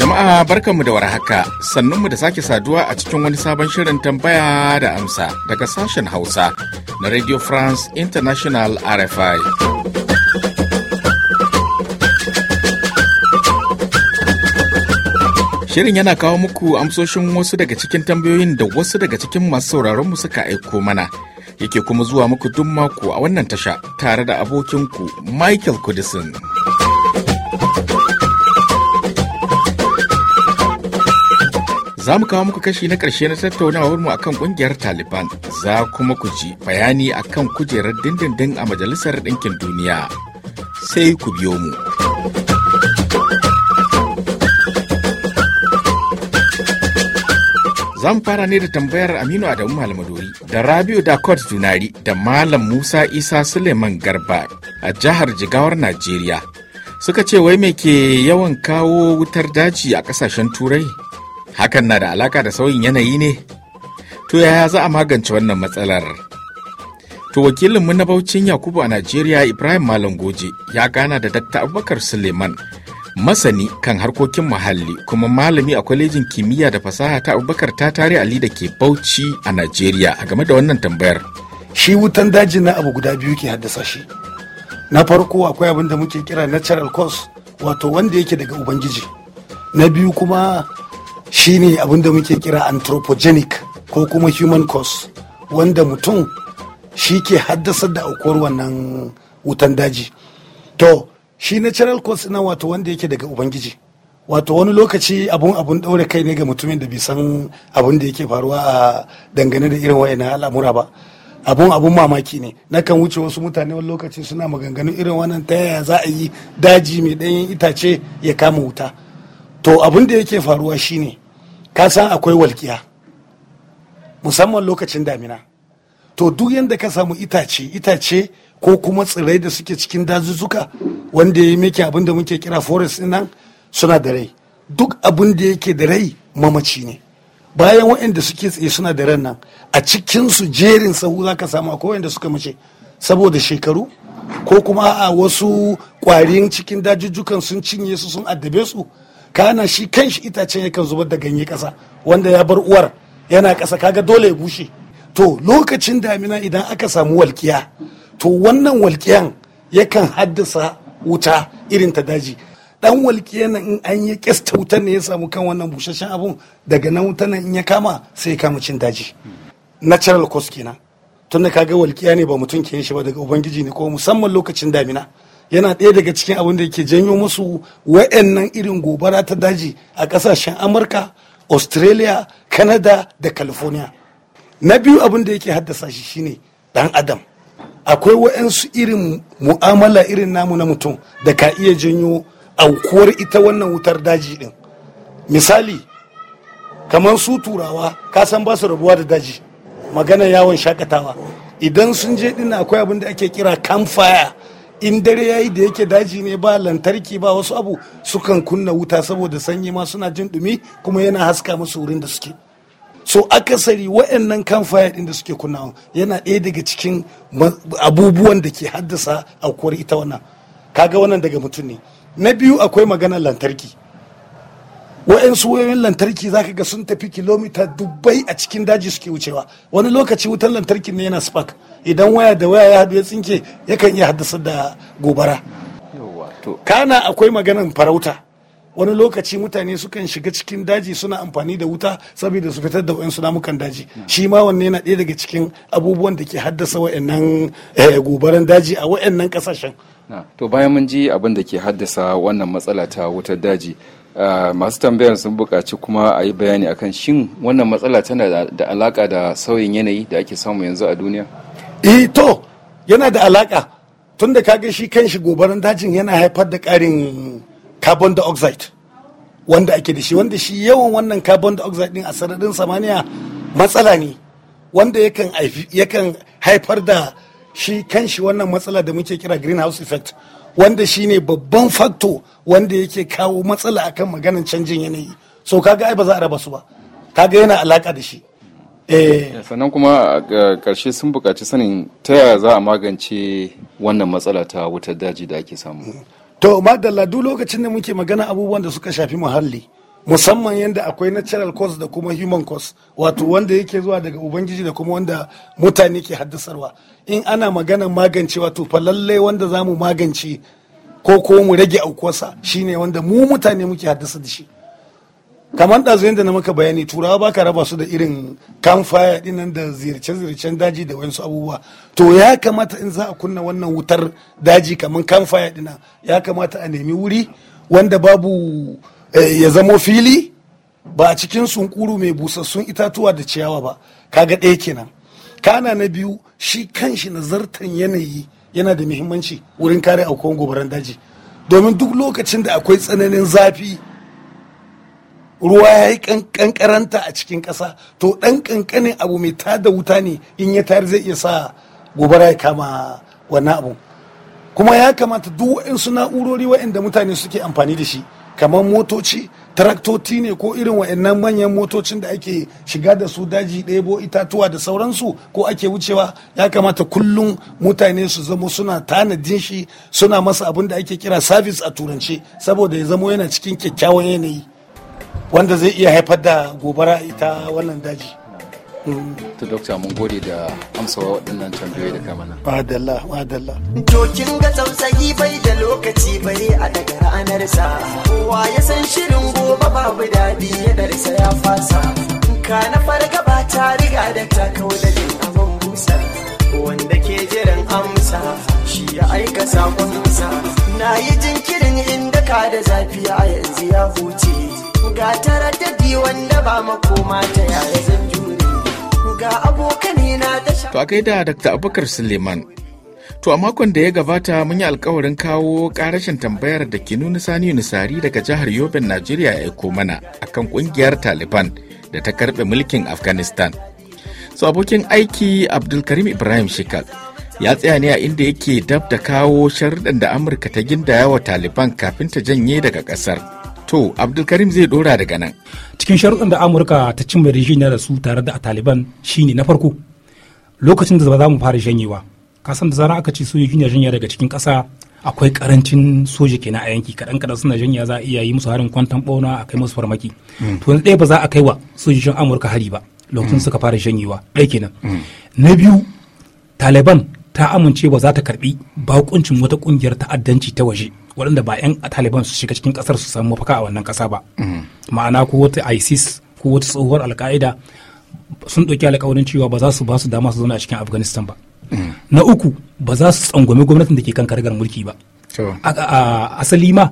Jama'a barkanmu da warhaka, sannunmu da sake saduwa a cikin wani sabon shirin tambaya da amsa daga sashen Hausa na Radio France International RFI. Shirin yana kawo muku amsoshin wasu daga cikin tambayoyin da wasu daga cikin masu sauraron mu suka aiko mana. Yake kuma zuwa muku duk mako a wannan tasha tare da abokinku Michael Kudisin. Za mu kawo muku kashi na ƙarshe na tattaunawar a kan ƙungiyar Taliban, za kuma ku ji bayani a kan kujerar dindindin a Majalisar Ɗinkin Duniya. Sai ku biyo mu. Zan fara ne da tambayar Aminu Adamu Malmadori da Rabiu Dakot Dunari da Malam Musa Isa Suleiman Garba a jihar Jigawar Najeriya. Suka ce wai mai ke yawan kawo wutar daji a kasashen turai? Hakan na da alaka da sauyin yanayi ne? To yaya za a magance wannan matsalar? To mu na Bauchin Yakubu a Najeriya Ibrahim Malam Goje ya gana da Dr. Abubakar Suleiman masani kan harkokin muhalli kuma malami a kwalejin kimiyya da fasaha ta abubakar ta tare ali da ke bauchi a najeriya a game da wannan tambayar shi wutan daji na abu guda biyu ke haddasa shi na farko akwai abin da muke kira natural cause wato wanda yake daga ubangiji na biyu kuma shine abin da muke kira anthropogenic ko kuma human cause wanda mutum shi ke haddasa da aukuwar wannan wutan daji to shi natural course na wato wanda yake daga ubangiji wato wani lokaci abun abun ɗaure kai ne ga mutumin da bai san abun da yake faruwa a dangane da irin wayannan al'amura ba abun abun mamaki ne nakan wuce wasu mutane wani lokaci suna maganganu irin wannan ta yaya za a yi daji mai ɗanyen itace ya kama wuta to abun da yake faruwa shine ka san akwai walƙiya musamman lokacin damina to duk yadda ka samu itace itace ko kuma tsirrai da suke cikin dazuzzuka wanda ya miki abin da muke kira forest nan suna da rai duk abin da yake da rai mamaci ne bayan waɗanda suke tsaye suna da ran nan a su jerin sahu za ka samu akwai waɗanda suka mace saboda shekaru ko kuma a wasu ƙwarin cikin dajujjukan sun cinye su sun addabe su kana shi kan kanshi itacen yakan zubar da ganye ƙasa wanda ya bar uwar yana ƙasa kaga dole ya bushe to lokacin damina idan aka samu walƙiya. to wannan walƙiyan yakan haddasa wuta irin ta daji dan walƙiya in an yi kista wutan ne ya samu kan wannan busasshen abun daga nan wuta in ya kama sai ya kama cin daji natural cause kenan tun da kaga walƙiya ne ba mutum ke yin shi ba daga ubangiji ne ko musamman lokacin damina yana ɗaya daga cikin abin da yake janyo musu wa'annan irin gobara ta daji a ƙasashen amurka australia canada da california na biyu abin da yake haddasa shi shine dan adam akwai wa'yansu irin mu'amala irin namu na mutum da ka iya janyo aukuwar ita wannan wutar daji din misali kamar su turawa ka san ba su rabuwa da daji magana yawon shakatawa idan sun je din akwai abin da ake kira campfire in dare yayi da yake daji ne ba lantarki ba wasu abu sukan kunna wuta saboda sanyi ma suna jin dumi kuma yana haska musu wurin da suke so akasari wa'annan kan fire da suke kunnawa yana ɗaya daga cikin abubuwan da ke haddasa aukuwar ita wannan kaga wannan daga mutum ne na biyu akwai maganar lantarki waɗansu wayoyin lantarki za ka ga sun tafi kilomita dubbai a cikin daji suke wucewa wani lokaci wutar lantarki ne yana spark idan waya da waya ya haɗu ya tsinke yakan iya haddasa da gobara kana akwai maganar farauta wani lokaci mutane sukan shiga cikin daji suna amfani da wuta saboda su fitar da wayansu namukan daji shi ma wanne yana ɗaya daga cikin abubuwan da ke haddasa wayannan eh, gobaran daji a wayannan kasashen to bayan mun ji abin da ke haddasa wannan matsala ta wutar daji ah, masu tambayar sun buƙaci kuma a yi bayani akan shin wannan matsala tana da alaƙa da sauyin yanayi da ake samu yanzu a duniya? eh to yana da alaƙa tun da ga shi kan shi gobaran dajin yana haifar da ƙarin carbon dioxide wanda ake da shi wanda shi yawan wannan carbon dioxide din a sanadin samaniya matsala ne wanda yakan haifar da shi kan shi wannan matsala da muke kira greenhouse effect wanda shi ne babban factor wanda yake kawo matsala akan maganan canjin yanayi so kaga ai ba za a raba su ba kaga yana alaka da shi eh. sannan kuma a ƙarshe sun buƙaci sanin ta yaya za a magance wannan matsala ta wutar daji da ake samu mm. to madalla duk lokacin da muke magana abubuwan da suka shafi muhalli musamman yadda akwai natural cause da kuma human cause wato wanda yake zuwa daga ubangiji da kuma wanda mutane ke haddasarwa in ana maganan magance wato fa lallai wanda zamu magance ko ko mu rage aukuwarsa shine wanda mu mutane muke haddasa da shi kamar ɗazu yadda na maka bayani turawa ba ka raba su da irin kamfaya ɗinan da ziyarce-ziyarcen daji da wasu abubuwa to ya kamata in za a kunna wannan wutar daji kamar kamfaya dinnan ya kamata a nemi wuri wanda babu eh, ya zamo fili ba a cikin sunkuru mai busassun itatuwa da ciyawa ba kaga ɗaya kenan kana na biyu shi kanshi nazartan yanayi yana da muhimmanci wurin kare aukuwan gobaran daji domin duk lokacin da akwai tsananin zafi ruwa ya yi kankaranta a cikin ƙasa to ɗan kankanin abu mai tada wuta ne in ya tayar zai iya sa gobara ya kama wannan abu kuma ya kamata duk waɗansu na'urori waɗanda mutane suke amfani da shi kamar motoci taraktoti ne ko irin waɗannan manyan motocin da ake shiga da su daji ɗebo itatuwa da sauransu ko ake wucewa ya kamata kullum mutane su zama suna tanadin shi suna masa abin da ake kira service a turance saboda ya zamo yana cikin kyakkyawan yanayi wanda zai iya haifar da gobara ita wannan daji Ta dokta mun gode da amsawa waɗannan tambayoyi da kamana madalla madalla to ga tausayi bai da lokaci bare a daga ranar sa kowa ya san shirin gobe babu dadi ya darsa ya fasa ka na ba ta riga da ta kawo da jin abin busa wanda ke jiran amsa shi ya aika sakon sakonsa na yi jinkirin inda ka da zafi a yanzu ya huce ga taraddadi wanda ba makoma ta yaya zan jure ga abokane na sha. To a gaida Dr. Abubakar Suleiman. To a makon da ya gabata mun yi alkawarin kawo karashin tambayar da ke nuna sani nisari daga jihar Yobin Najeriya ya aiko mana akan kungiyar Taliban da ta karbe mulkin Afghanistan. So abokin aiki Abdulkarim Ibrahim Shekar ya tsaya ne a inda yake dab da kawo sharuɗan da Amurka ta gindaya wa Taliban kafin ta janye daga ƙasar. To, Abdulkarim zai dora daga nan. Cikin sharuɗin da Amurka ta cimma yarjejeniya da su tare da Taliban shine na farko lokacin da za mu fara janyewa. Kasan da zarar aka ce sojoji na janya daga cikin ƙasa akwai ƙarancin soja kenan a yanki kadan-kadan suna janya za a iya yi musu harin kwantan ɓauna a kai musu farmaki. Hmm. To, wani ɗaya ba za a kai wa sojojin Amurka hari ba lokacin hmm. suka fara janyewa ɗaya kenan. Hmm. Na biyu, Taliban ta amince ba za ta karɓi bakuncin wata ƙungiyar ta'addanci ta waje. waɗanda ba 'yan taliban su shiga cikin ƙasar su samu mafaka a wannan ƙasa ba ma'ana ko wata isis ko wata tsohuwar alka'ida sun ɗauki alƙawarin cewa ba za su ba su dama su zauna a cikin afghanistan ba na uku ba za su tsangwami gwamnatin da ke kan kargar mulki ba asali ma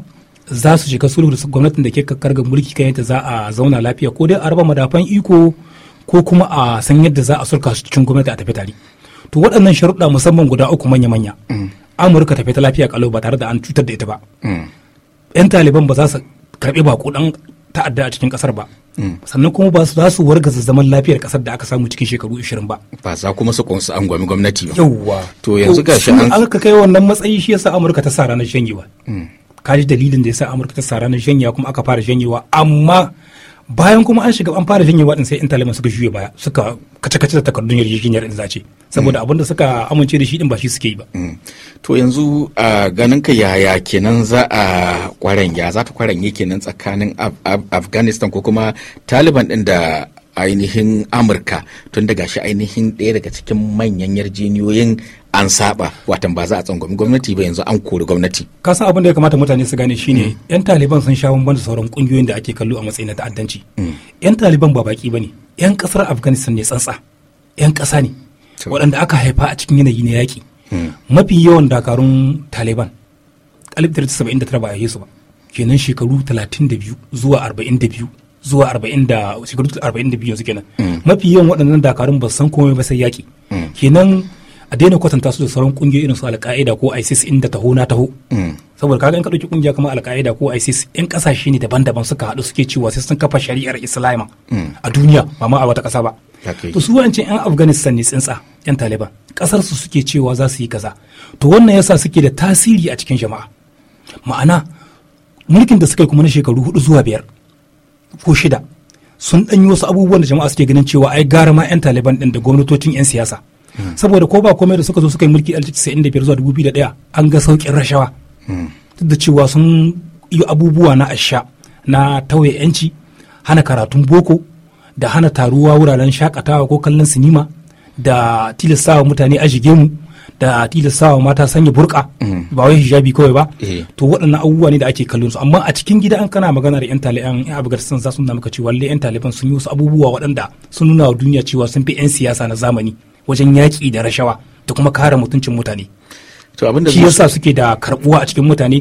za su shiga sulhu da gwamnatin da ke kan kargar mulki kan yadda za a zauna lafiya ko dai a raba madafan iko ko kuma a san yadda za a sulka su cikin gwamnati a tafi tare to waɗannan sharuɗa musamman guda uku manya-manya amurka tafi ta lafiya kalau ba tare da an cutar da ita ba mm. yan taliban ba za su karɓi bako dan ta'adda a cikin kasar ba mm. sannan kuma ba za su wargaza zaman lafiyar kasar da aka samu cikin shekaru 20 ba ba za kuma su kunsu an gwami gwamnati ba yawwa to yanzu ga shi an aka kai wannan matsayi shi yasa amurka ta sa ranar shanyewa mm. ka ji dalilin da yasa amurka ta sa ranar shanyewa kuma aka fara shanyewa amma bayan kuma an shiga an fara jinyar din sai intaliman suka juya baya suka kace-kace da takardun yarjejeniyar in zace saboda abinda suka amince da shi din ba shi suke yi ba mm. to yanzu a ganin ka yaya kenan za a ya za ta kwaranye kenan tsakanin afghanistan ko kuma taliban din da ainihin amurka tun daga shi ainihin ɗaya daga cikin manyan yarjeniyoyin an saba watan ba za a tsangwami gwamnati ba yanzu an kori gwamnati ka san abin da ya kamata mutane su gane shine yan taliban sun sha bamban da sauran kungiyoyin da ake kallo a matsayin na ta'addanci mm. yan taliban ba baki ba ne yan kasar afghanistan ne tsantsa yan kasa ne waɗanda aka haifa a cikin yanayi na yaƙi mm. mafi yawan dakarun taliban 1979 ba a da su ba kenan shekaru talatin da biyu zuwa arba'in da biyu. zuwa arba'in da shekaru da biyu yanzu kenan mm. mafi yawan waɗannan dakarun ba san komai ba sai yaƙi kenan a daina kwatanta su da sauran kungiyoyi irin su alka'ida ko isis inda taho na taho mm. saboda kaga in ka dauki kungiya kamar alka'ida ko isis in kasashe ne daban-daban suka haɗu suke cewa sai sun kafa shari'ar islama mm. a duniya ba ma a wata ƙasa ba to su wancan yan afghanistan ne tsintsa yan taliban ƙasar su suke cewa za su yi kaza to wannan yasa suke da tasiri a cikin jama'a ma'ana mulkin da suka yi kuma na shekaru hudu zuwa biyar ko shida sun ɗanyi wasu abubuwan da jama'a suke ganin cewa ai gara ma yan taliban ɗin da gwamnatocin yan siyasa saboda ko ba komai da suka zo suka yi mulki 1995 zuwa 2001 an ga saukin rashawa duk da cewa sun yi abubuwa na asha na tauye yanci hana karatun boko da hana taruwa wuraren shakatawa ko kallon sinima da tilastawa mutane a shige mu da tilastawa mata sanya burka ba wai hijabi kawai ba eh. to waɗannan abubuwa ne da ake kallon su amma a cikin gida an kana magana da yan taliban yan afghanistan za su nuna maka cewa yan taliban sun yi wasu abubuwa waɗanda sun nuna wa duniya cewa sun fi yan siyasa na zamani wajen yaƙi da rashawa da kuma kare mutuncin mutane shi yasa suke da karbuwa a cikin mutane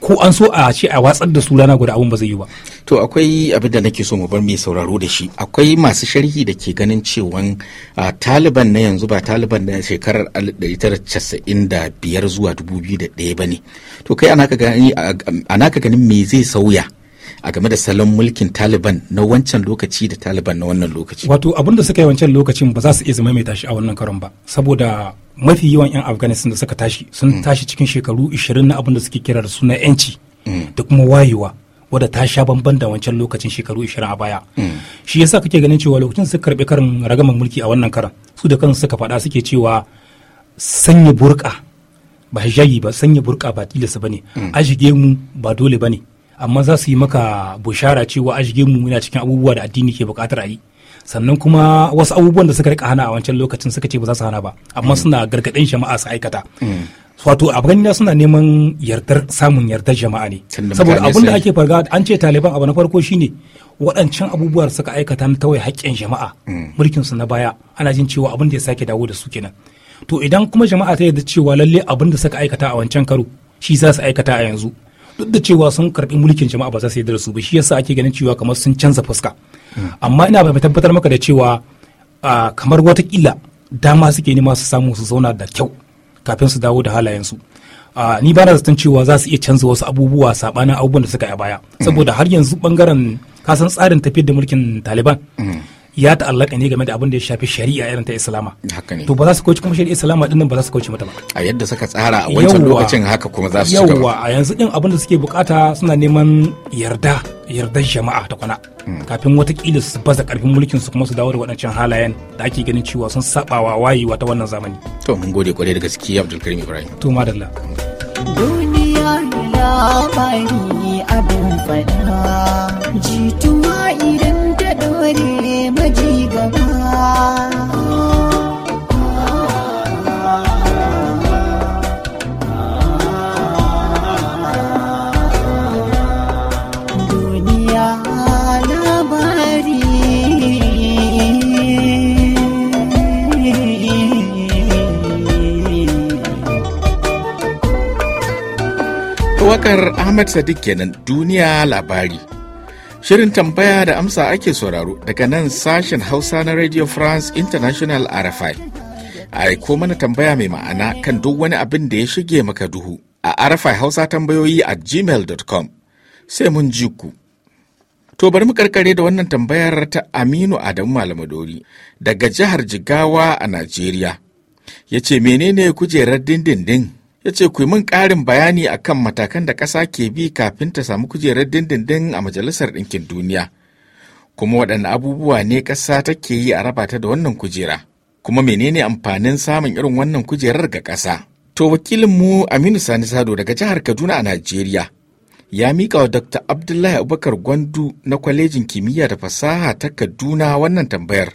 ko an so a ce a watsar da su rana guda abun ba zai yi ba to akwai abin da nake so mu bar mai sauraro da shi akwai masu sharhi da ke ganin cewan taliban na yanzu ba taliban na shekarar biyar zuwa da 2001 ba ne to kai ana ka ganin me zai sauya a game da salon mulkin taliban na wancan lokaci da taliban na wannan lokaci wato abinda suka yi wancan lokacin ba za su iya zama mai tashi a wannan karon ba saboda mafi yawan 'yan afghanistan da suka tashi sun mm. tashi cikin shekaru 20 na abinda suke kira da suna 'yanci mm. da kuma wayewa wadda ta sha bamban da wancan lokacin shekaru 20 a baya mm. shi yasa kake ganin cewa lokacin suka karbi karin ragamar mulki a wannan karan su da kansu suka faɗa suke cewa sanya burka ba shayi ba sanya burka ba tilasta ba a shige mu ba dole ba ne. amma za su yi maka bushara cewa ashigin mu yana cikin abubuwa da addini ke bukatar a yi sannan kuma wasu abubuwan da suka rika hana a wancan lokacin suka ce ba za su hana ba amma mm. suna gargaɗin jama'a su aikata mm. wato a suna neman yardar samun yardar jama'a ne saboda abin da ake farga an ce taliban abu na farko shine waɗancan abubuwar suka aikata na tawaye haƙƙin jama'a mm. mulkin su na baya ana jin cewa abin da ya sake dawo da su kenan to idan kuma jama'a ta yarda cewa lalle abin da suka aikata a wancan karo shi za su aikata a yanzu duk da cewa sun karbi mulkin jama'a ba za su yi da ba shi yasa ake ganin cewa kamar sun canza fuska amma ina mai tabbatar maka da cewa kamar watakila dama suke nema su samu su zauna da kyau kafin su dawo da halayensu ni ba na zaton cewa za su iya canza wasu abubuwa sabanin abubuwan da suka yi a baya saboda har yanzu bangaren kasan tsarin tafiyar da mulkin taliban ya ta'allaka ne game da abin da ya shafi shari'a irin ta islama to ba za su kauce kuma shari'a islama din ba za su kauce mata ba a yadda suka tsara a wancan lokacin haka kuma za su ci gaba a yanzu din abin da suke bukata suna neman yarda yardar jama'a ta kwana hmm. kafin watakila su baza karfin mulkin su kuma su dawo da waɗancan halayen da ake ganin cewa sun wa wayewa ta wannan zamani to mun gode kwarai da gaskiya karim ibrahim to madalla duniya labari abin fada jituwa idan bare maji gaba Wakar Ahmad Sadiq kenan duniya labari Shirin tambaya da amsa ake sauraro daga nan sashen Hausa na Radio France International RFI. Aiko mana tambaya mai ma'ana kan duk wani abin da ya shige maka duhu a RFI Hausa tambayoyi a gmail.com. Sai mun ji ku. To bari mu karkare da wannan tambayar ta Aminu Adamu Malamadori daga jihar Jigawa a Najeriya. Ya ce menene kujerar dindindin? ya ce ku yi min ƙarin bayani a kan matakan da ƙasa ke bi kafin ta samu kujerar dindindin a majalisar ɗinkin duniya kuma waɗanne abubuwa ne ƙasa take yi a rabata da wannan kujera kuma menene amfanin samun irin wannan kujerar ga ƙasa to wakilinmu aminu sani sado daga jihar kaduna a najeriya ya miƙa wa dr abdullahi abubakar gwandu na kwalejin kimiyya da fasaha ta kaduna wannan tambayar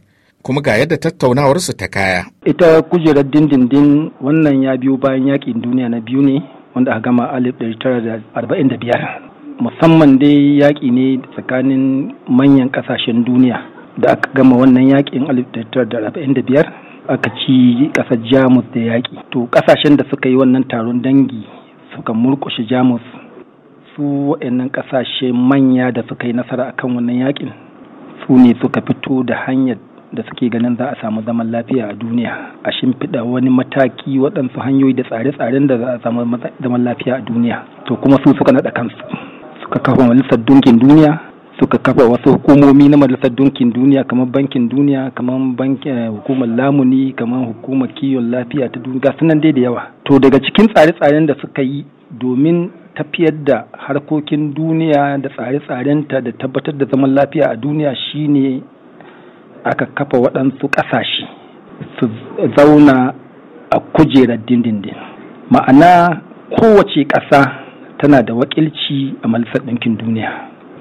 kuma ga yadda tattaunawarsu ta kaya. Ita kujerar dindindin wannan ya biyo bayan yakin duniya na biyu ne wanda aka gama 1945 musamman dai yaƙi ne tsakanin manyan ƙasashen duniya da aka gama wannan yaƙin 1945 aka ci ƙasar jamus da yaƙi to ƙasashen da suka yi wannan taron dangi suka murƙushe jamus su waɗannan ƙasashe manya da suka yi nasara akan wannan yaƙin su ne suka fito da hanyar da suke ganin za a samu zaman lafiya a duniya a shimfiɗa wani mataki waɗansu hanyoyi da tsare-tsaren da za a samu zaman lafiya a duniya to kuma su suka naɗa kansu suka kafa majalisar dunkin duniya suka kafa wasu hukumomi na majalisar dunkin duniya kamar bankin duniya kamar bankin eh, hukumar lamuni kamar hukumar kiwon lafiya ta duniya sunan dai da yawa to daga cikin tsare-tsaren da suka yi domin tafiyar da harkokin duniya da tsare-tsarenta da tabbatar da zaman lafiya a duniya shine aka kafa waɗansu ƙasashe su zauna a kujerar dindindin ma'ana kowace ƙasa tana da wakilci a malisar ɗinkin duniya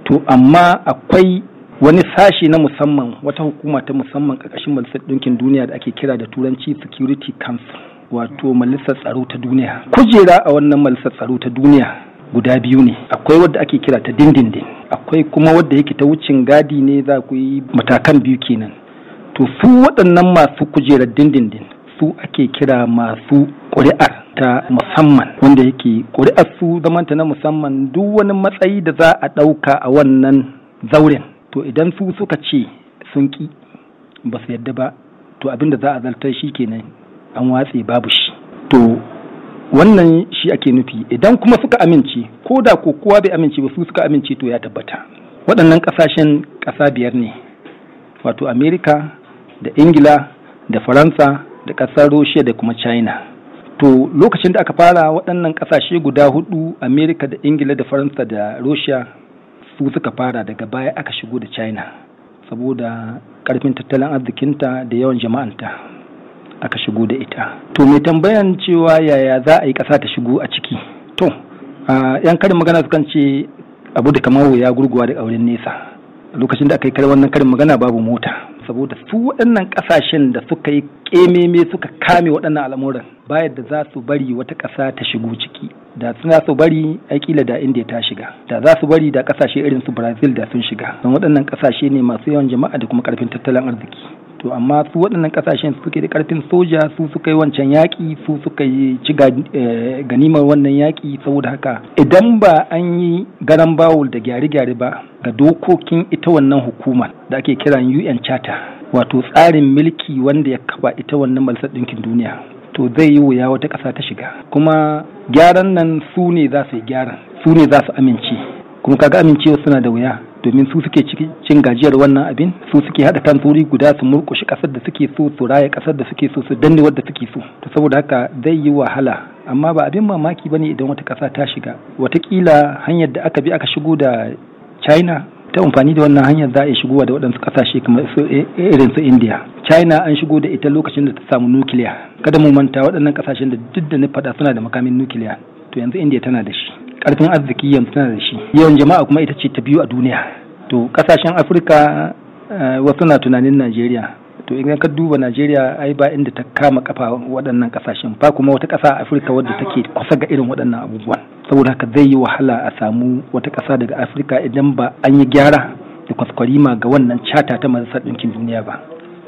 to amma akwai wani sashi na musamman wata hukuma ta musamman ƙarƙashin malisar ɗinkin duniya da ake kira da turanci security council wato malisar tsaro ta duniya kujera a wannan malisar tsaro ta duniya guda biyu ne akwai wadda ake kira ta dindindin akwai kuma wadda yake ta wucin gadi ne za ku yi matakan biyu kenan to su waɗannan masu kujerar dindindin su ake kira masu ƙuri'ar ta musamman wanda yake ƙuri'ar su zamanta na musamman duk wani matsayi da za a ɗauka a wannan zauren to idan su suka ce sun ƙi ba su yadda ba to abin da za a zartar shi kenan an watse babu shi to wannan shi ake nufi idan kuma suka amince ko da ko kowa bai amince ba su suka amince to ya tabbata waɗannan ƙasashen ƙasa biyar ne wato amerika da ingila da faransa da ƙasar russia da kuma china to lokacin da aka fara waɗannan ƙasashe guda hudu amerika da ingila da faransa da russia su suka fara daga baya aka shigo da china saboda ƙarfin tattalin arzikinta da yawan jama'anta aka shigo da ita to mai tambayan cewa yaya za a yi ƙasa ta shigo a ciki to yan karin magana sukan ce abu da kamar ya gurguwa da auren nesa lokacin da aka yi wannan karin magana babu mota saboda su waɗannan ƙasashen da suka yi ƙememe suka kame waɗannan al'amuran bayan da za su bari wata ƙasa ta shigo ciki da suna su bari akila da inda ta shiga da za su bari da ƙasashe irin su brazil da sun shiga don waɗannan ƙasashe ne masu yawan jama'a da kuma ƙarfin tattalin arziki to amma su waɗannan ƙasashen su suke da ƙarfin soja su suka yi wancan yaƙi su suka yi ci eh, ganimar wannan yaƙi saboda haka idan ba an yi garan bawul da gyare-gyare ba ga dokokin ita wannan hukumar da ake kiran UN Charter wato tsarin milki wanda ya kafa ita wannan malsar ɗinkin duniya to zai yi wuya wata ƙasa ta shiga kuma gyaran nan su ne za su yi gyaran su ne za su amince kuma kaga amincewa suna da wuya domin su suke cin gajiyar wannan abin su suke hada tanzuri guda su murkushi kasar da suke so su raya kasar da suke so su danne wadda suke so to saboda haka zai yi wahala amma ba abin mamaki bane idan wata kasa ta shiga watakila hanyar da aka bi aka shigo da china ta amfani da wannan hanyar za a shigowa da waɗansu ƙasashe kamar eh, irin su india china an shigo da ita lokacin da ta samu nukiliya kada mu manta waɗannan ƙasashen da duk da na faɗa suna da makamin nukiliya to yanzu india tana da shi karfin arziki yanzu tana da shi yawan jama'a kuma ita ce ta biyu a duniya to kasashen afirka eh, wasu na tunanin najeriya to idan ka duba najeriya ai ba inda ta kama kafa waɗannan kasashen ba kuma wata ƙasa a afirka wadda take kusa ga irin waɗannan abubuwan saboda haka zai yi wahala a samu wata ƙasa daga afirka idan ba an yi gyara da kwaskwarima ga wannan cata ta majalisar ɗinkin duniya ba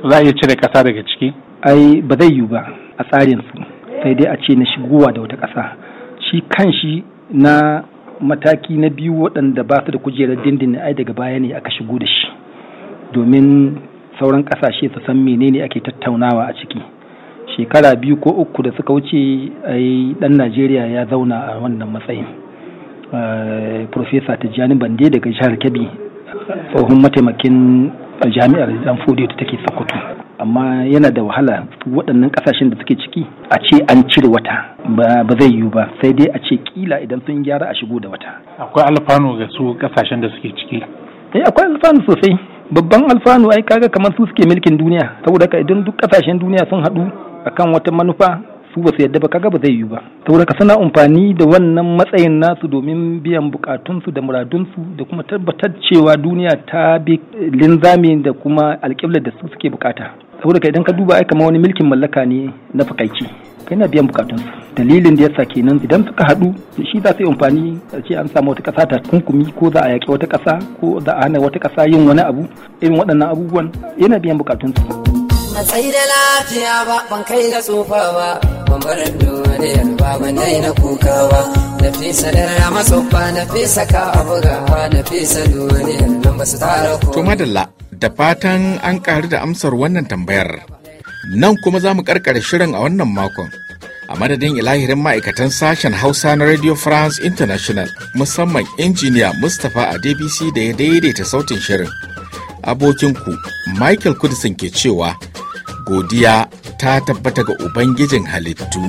za a iya cire ƙasa daga ciki ai ba zai yiwu ba a tsarin su sai dai a ce na shigowa da wata ƙasa shi kan shi na mataki na biyu waɗanda ba su da kujerar dindin ai daga baya ne aka shigo da shi domin sauran ƙasashe su san menene ake tattaunawa a ciki shekara biyu ko uku da suka wuce ai ɗan najeriya ya zauna a wannan matsayin eh, profesa tijjani bande daga jihar kebbi tsohon mataimakin jami'ar dan fodiyo da take sokoto amma yana da wahala waɗannan ƙasashen da suke ciki a ce an cire wata ba zai yiwu ba sai dai a ce kila idan sun gyara a shigo da wata akwai alfanu ga su ƙasashen da suke ciki eh akwai alfanu sosai babban alfanu ai kaga kamar su suke mulkin duniya saboda ka idan duk ƙasashen duniya sun haɗu akan wata manufa su ba su yadda ba kaga ba zai yiwu ba saboda ka suna amfani da wannan matsayin nasu domin biyan bukatunsu da muradunsu da kuma tabbatar cewa duniya ta bi linzami da kuma alƙiblar da su suke bukata saboda idan ka duba ai kamar wani milkin mallaka ne na fakaici kai na biyan bukatunsu dalilin da yasa kenan idan suka haɗu shi za su yi amfani a ce an samu wata ƙasa ta kunkumi ko za a yaƙi wata ƙasa ko za a hana wata ƙasa yin wani abu irin waɗannan abubuwan yana biyan bukatunsu. matsayi da lafiya ba ban kai ga tsufa ban barin ba ban dai na kukawa na na fisa na fisa ba su tara ko. to madalla Da fatan an ƙaru da amsar wannan tambayar. Nan kuma za mu ƙarƙare shirin a wannan makon. A madadin ilahirin ma'aikatan sashen Hausa na Radio France International musamman injiniya Mustapha a dbc da ya daidaita sautin shirin. Abokin ku Michael Kudisin ke cewa godiya ta tabbata ga Ubangijin halittu.